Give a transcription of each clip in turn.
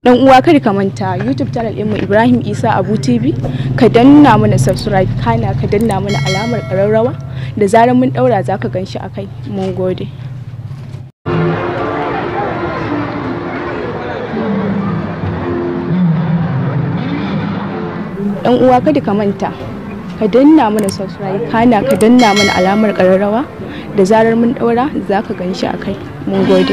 dan uwa kada ka manta youtube channel mu ibrahim isa abu tv ka danna mana subscribe kana ka danna mana alamar ƙararrawa da zarar mun daura za ka gan a kai mun gode dan uwa kada ka manta ka danna mana subscribe kana ka danna mana alamar ƙararrawa da zarar mun daura za ka gan a kai mun gode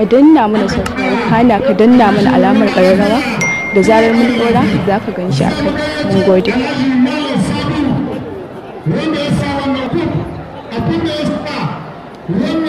ka danna mana subscribe kana ka danna mana alamar ƙararrawa da zarar mun dora za ka gan shi a kai mun gode